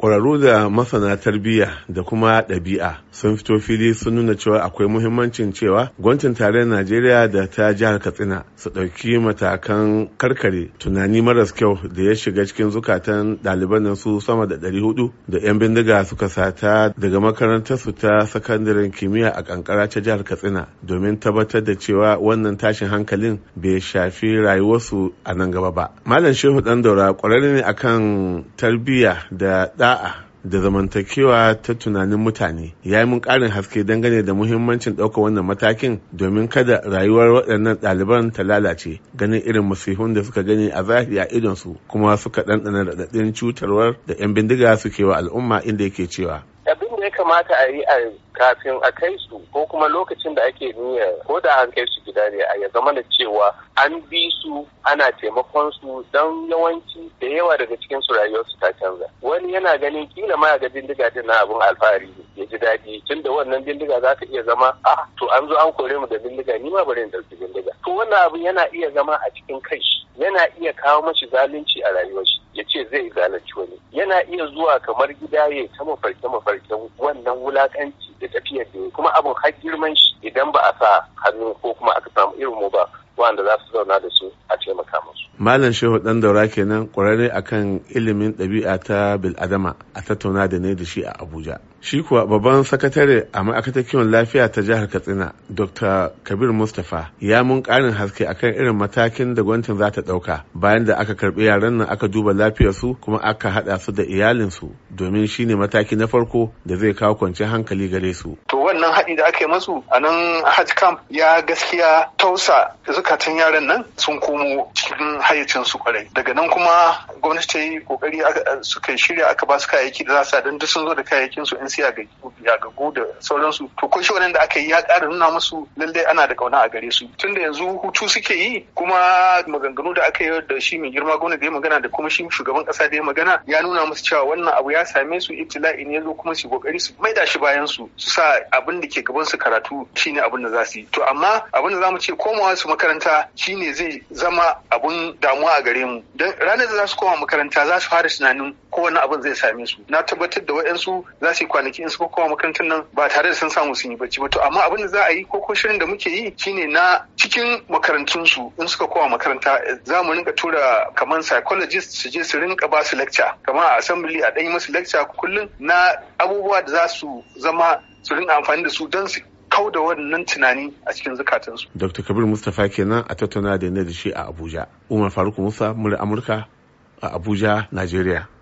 ƙwararru da masana tarbiyya da kuma ɗabi'a sun fito fili sun nuna cewa akwai muhimmancin cewa gwamnatin tarayyar najeriya da ta jihar katsina su ɗauki matakan karkare tunani maras kyau da ya shiga cikin zukatan ɗaliban nan su sama da ɗari hudu da 'yan bindiga suka sata daga makarantar su ta sakandaren kimiyya a kankara ta jihar katsina domin tabbatar da cewa wannan tashin hankalin bai shafi rayuwarsu a nan gaba ba malam shehu ɗan daura ne akan tarbiyya da A'a, da zamantakewa ta tunanin mutane ya yi mun ƙarin haske dangane da muhimmancin ɗaukar wannan matakin domin kada rayuwar waɗannan ɗaliban ta lalace ganin irin masihun da suka gani a zahiri a idonsu kuma suka ɗanɗana raɗaɗin cutarwar da 'yan bindiga suke wa al'umma inda yake cewa kamata a yi a kafin a kai su ko kuma lokacin da ake niyya ko da an kai su gida ne a ya zama da cewa an bi su ana taimakon su don yawanci da yawa daga cikin su rayuwarsu ta canza wani yana ganin kila ma ga bindiga din na abun alfahari ya ji daɗi tun da wannan bindiga za ta iya zama a to an zo an kore mu da bindiga ni ma bari in ɗauki bindiga to wannan abun yana iya zama a cikin kai shi yana iya kawo mashi zalunci a rayuwar shi ya ce zai zalunci wani yana iya zuwa kamar gida ya ta mafarke mafarken wannan wulakanci da tafiyar da kuma abin har girman shi idan ba a sa hannu ko kuma aka samu irin mu ba wanda za su zauna da su a taimaka musu. Malam Shehu Dan Daura kenan ƙwararre akan ilimin ɗabi'a ta Bil'adama a tattauna da ne da shi a Abuja. Shi kuwa babban sakatare a ma'aikatar kiwon lafiya ta jihar Katsina, Dr. Kabir Mustapha, ya mun ƙarin haske akan irin matakin da gwamnatin za ta ɗauka bayan da aka karɓi yaran nan aka duba lafiyarsu kuma aka haɗa su da iyalinsu domin shine mataki na farko da zai kawo kwanciyar hankali gare su. To wannan haɗi da aka yi masu a nan hajj camp ya gaskiya tausa zukatan yaran nan sun komo cikin hayyacin su kwarai daga nan kuma gwamnati ta yi kokari suka shirya aka ba su kayayyaki da za su don duk sun zo da kayayyakin su in siya gago da sauransu to ko shi da aka yi ya ƙara nuna musu lallai ana da kauna a gare su tunda yanzu hutu suke yi kuma maganganu da aka yi da shi mai girma gwamnati da ya magana da kuma shi shugaban ƙasa da ya magana ya nuna musu cewa wannan abu ya same su itila'i ne ya zo kuma su kokari su maida shi bayan su su sa abin da ke gaban su karatu shine abin da za su yi to amma abin da za mu ce komawa su makaranta shine zai zama abin damuwa a gare mu don ranar da za su koma makaranta za su fara tunanin ko wani abin zai same su na tabbatar da waɗansu za su yi kwanaki in suka koma makarantar nan ba tare da sun samu sun yi bacci ba to amma abin da za a yi ko ko shirin da muke yi shine na cikin makarantun su in suka koma makaranta za mu rinka tura kamar psychologist su je su rinka ba su lecture kamar a assembly a ɗanyi masu lecture kullum na abubuwa da za su zama su rinka amfani da su don su kau da wannan tunani a cikin zukatansu. Dr. Kabir Mustapha kenan a tattauna da yanayi da shi a Abuja. Umar Faruk Musa, Mura Amurka a Abuja, Najeriya.